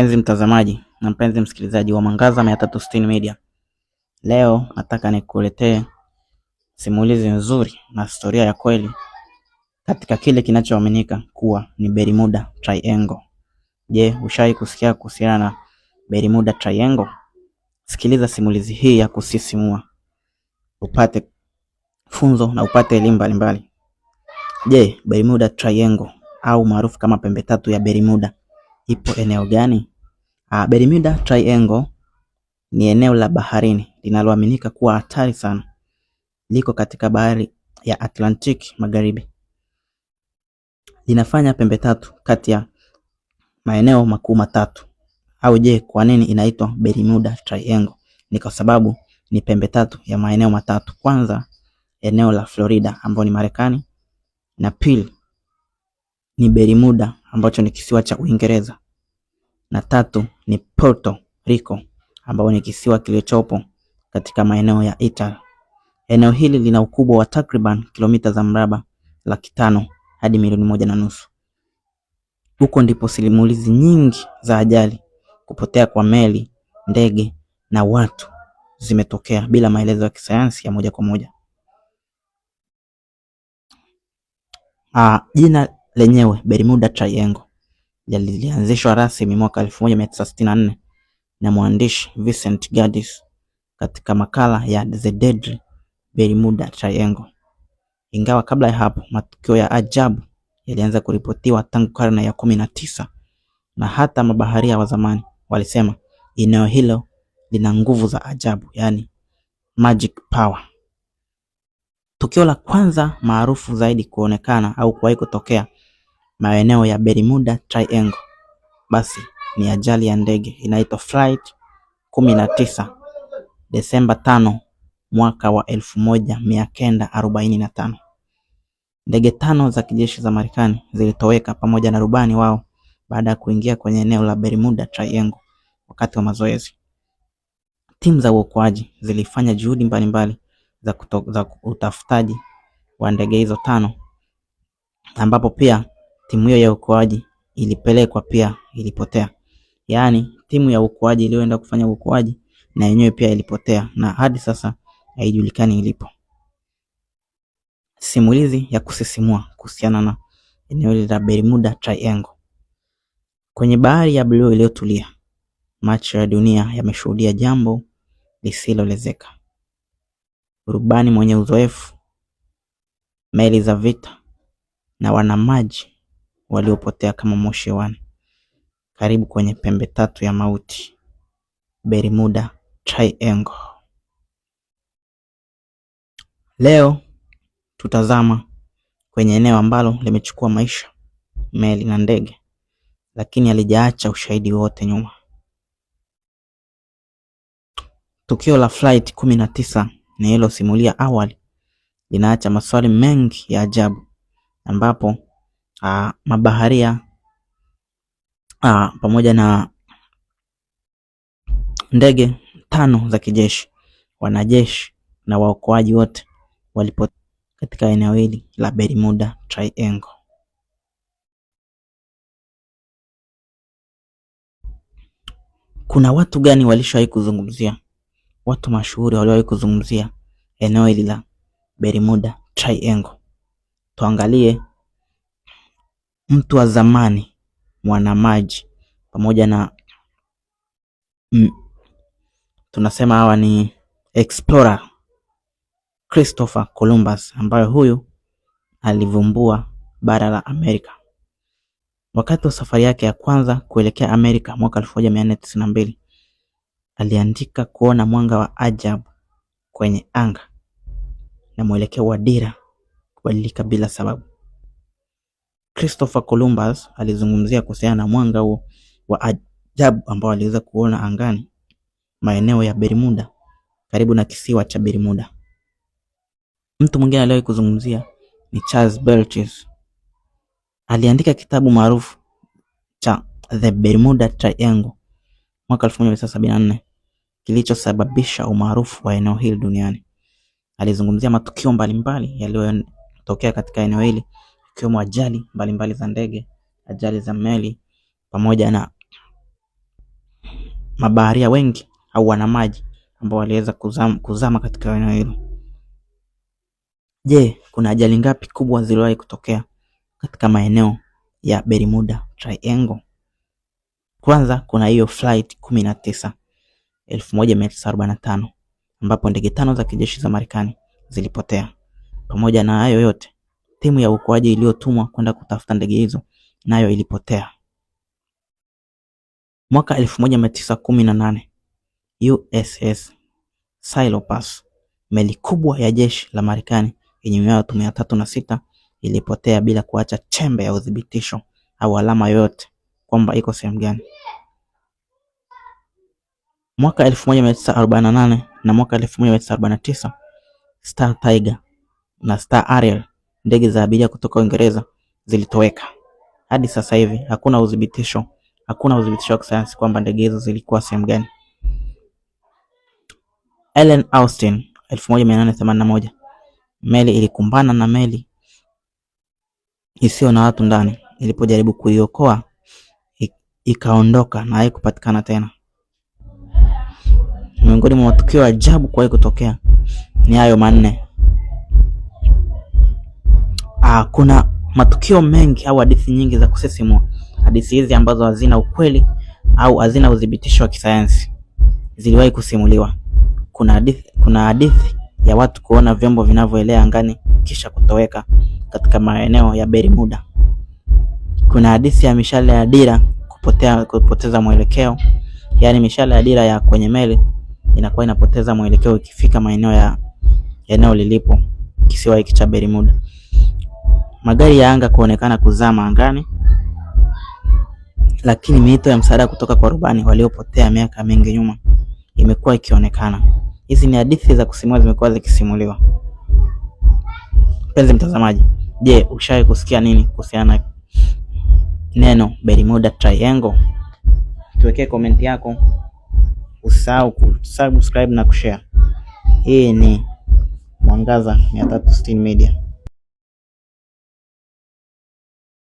Mpenzi mtazamaji na mpenzi msikilizaji wa Mwangaza 360 Media, leo nataka nikuletee simulizi nzuri na historia ya kweli katika kile kinachoaminika kuwa ni Bermuda Triangle. Je, ushawahi kusikia kuhusiana na Bermuda Triangle? Sikiliza simulizi hii ya kusisimua upate funzo na upate elimu mbalimbali. Je, Bermuda Triangle au maarufu kama pembe tatu ya Bermuda ipo eneo gani? Ah, Bermuda Triangle ni eneo la baharini linaloaminika kuwa hatari sana. Liko katika bahari ya Atlantic Magharibi, linafanya pembe tatu kati ya maeneo makuu matatu. Au je, kwa nini inaitwa Bermuda Triangle? Ni kwa sababu ni pembe tatu ya maeneo matatu. Kwanza, eneo la Florida ambayo ni Marekani, na pili ni Bermuda ambacho ni kisiwa cha Uingereza, na tatu ni Puerto Rico ambayo ni kisiwa kilichopo katika maeneo ya Italy. Eneo hili lina ukubwa wa takriban kilomita za mraba laki tano hadi milioni moja na nusu. Huko ndipo simulizi nyingi za ajali, kupotea kwa meli, ndege na watu zimetokea bila maelezo ya kisayansi ya moja kwa moja. Ah, jina lenyewe Bermuda Triangle lilianzishwa rasmi mwaka 1964 na mwandishi Vincent Gaddis katika makala ya The Deadly Bermuda Triangle. Ingawa kabla ya hapo matukio ya ajabu yalianza kuripotiwa tangu karne ya kumi na tisa na hata mabaharia wa zamani walisema eneo hilo lina nguvu za ajabu, yaani magic power. Tukio la kwanza maarufu zaidi kuonekana au kuwahi kutokea maeneo ya Bermuda Triangle. Basi ni ajali ya ndege inaitwa flight 19 Desemba 5 mwaka wa 1945. Ndege tano za kijeshi za Marekani zilitoweka pamoja na rubani wao baada ya kuingia kwenye eneo la Bermuda Triangle wakati wa mazoezi. Timu za uokoaji zilifanya juhudi mbalimbali za, za utafutaji wa ndege hizo tano ambapo pia timu hiyo ya uokoaji ilipelekwa pia ilipotea. Yaani timu ya uokoaji iliyoenda kufanya uokoaji na yenyewe pia ilipotea na hadi sasa haijulikani ilipo. Simulizi ya kusisimua kuhusiana na eneo la Bermuda Triangle. Kwenye bahari ya bluu iliyotulia, macho ya dunia yameshuhudia jambo lisilolezeka. Rubani mwenye uzoefu, meli za vita na wanamaji waliopotea kama moshi hewani, karibu kwenye pembe tatu ya mauti Bermuda Triangle. Leo tutazama kwenye eneo ambalo limechukua maisha, meli na ndege, lakini alijaacha ushahidi wote nyuma. Tukio la Flight kumi na tisa nililosimulia awali linaacha maswali mengi ya ajabu ambapo uh, mabaharia uh, pamoja na ndege tano za kijeshi, wanajeshi na waokoaji wote walipo katika eneo hili la Bermuda Triangle. Kuna watu gani walishawahi kuzungumzia? Watu mashuhuri waliowahi kuzungumzia eneo hili la Bermuda Triangle. Tuangalie mtu wa zamani Mwanamaji pamoja na m, tunasema hawa ni explorer Christopher Columbus ambaye huyu alivumbua bara la Amerika. Wakati wa safari yake ya kwanza kuelekea Amerika mwaka 1492 aliandika kuona mwanga wa ajabu kwenye anga na mwelekeo wa dira kubadilika bila sababu. Christopher Columbus alizungumzia kuhusiana na mwanga huo wa ajabu ambao aliweza kuona angani maeneo ya Bermuda karibu na kisiwa cha Bermuda. Mtu mwingine aliyewahi kuzungumzia ni Charles Belches. Aliandika kitabu maarufu cha The Bermuda Triangle mwaka 1974 kilichosababisha umaarufu wa eneo hili duniani. Alizungumzia matukio mbalimbali yaliyotokea katika eneo hili ikiwemo ajali mbalimbali za ndege, ajali za meli pamoja na mabaharia wengi au wanamaji ambao waliweza kuzama katika eneo hilo. Je, kuna ajali ngapi kubwa ziliwahi kutokea katika maeneo ya Bermuda Triangle? Kwanza kuna hiyo flight 19 1945 ambapo ndege tano za kijeshi za Marekani zilipotea. Pamoja na hayo yote Timu ya uokoaji iliyotumwa kwenda kutafuta ndege hizo nayo ilipotea. Mwaka 1918 USS Silopas, meli kubwa ya jeshi la Marekani yenye watu mia tatu na sita ilipotea bila kuacha chembe ya uthibitisho au alama yoyote kwamba iko sehemu gani. Mwaka 1948 na na mwaka 1949 Star Tiger na Star Ariel ndege za abiria kutoka Uingereza zilitoweka. Hadi sasa hivi hakuna udhibitisho, hakuna udhibitisho wa kisayansi kwamba ndege hizo zilikuwa sehemu gani. Ellen Austin 1881 meli ilikumbana na meli isiyo na watu ndani ilipojaribu kuiokoa ikaondoka na haikupatikana tena. Miongoni mwa matukio ajabu kuwahi kutokea ni hayo manne uh, kuna matukio mengi au hadithi nyingi za kusisimua, hadithi hizi ambazo hazina ukweli au hazina udhibitisho wa kisayansi ziliwahi kusimuliwa. Kuna hadithi, kuna hadithi ya watu kuona vyombo vinavyoelea angani kisha kutoweka katika maeneo ya Bermuda. Kuna hadithi ya mishale ya dira kupotea, kupoteza mwelekeo, yaani mishale ya dira ya kwenye meli inakuwa inapoteza mwelekeo ikifika maeneo ya eneo lilipo kisiwa hiki cha Bermuda magari ya anga kuonekana kuzama angani, lakini miito ya msaada kutoka kwa rubani waliopotea miaka mingi nyuma imekuwa ikionekana. Hizi ni hadithi za kusimua zimekuwa zikisimuliwa. Mpenzi mtazamaji, je, ushawahi kusikia nini kuhusiana na neno Bermuda Triangle? Tuwekee komenti yako, usahau kusubscribe na kushare. Hii ni Mwangaza 360 Media.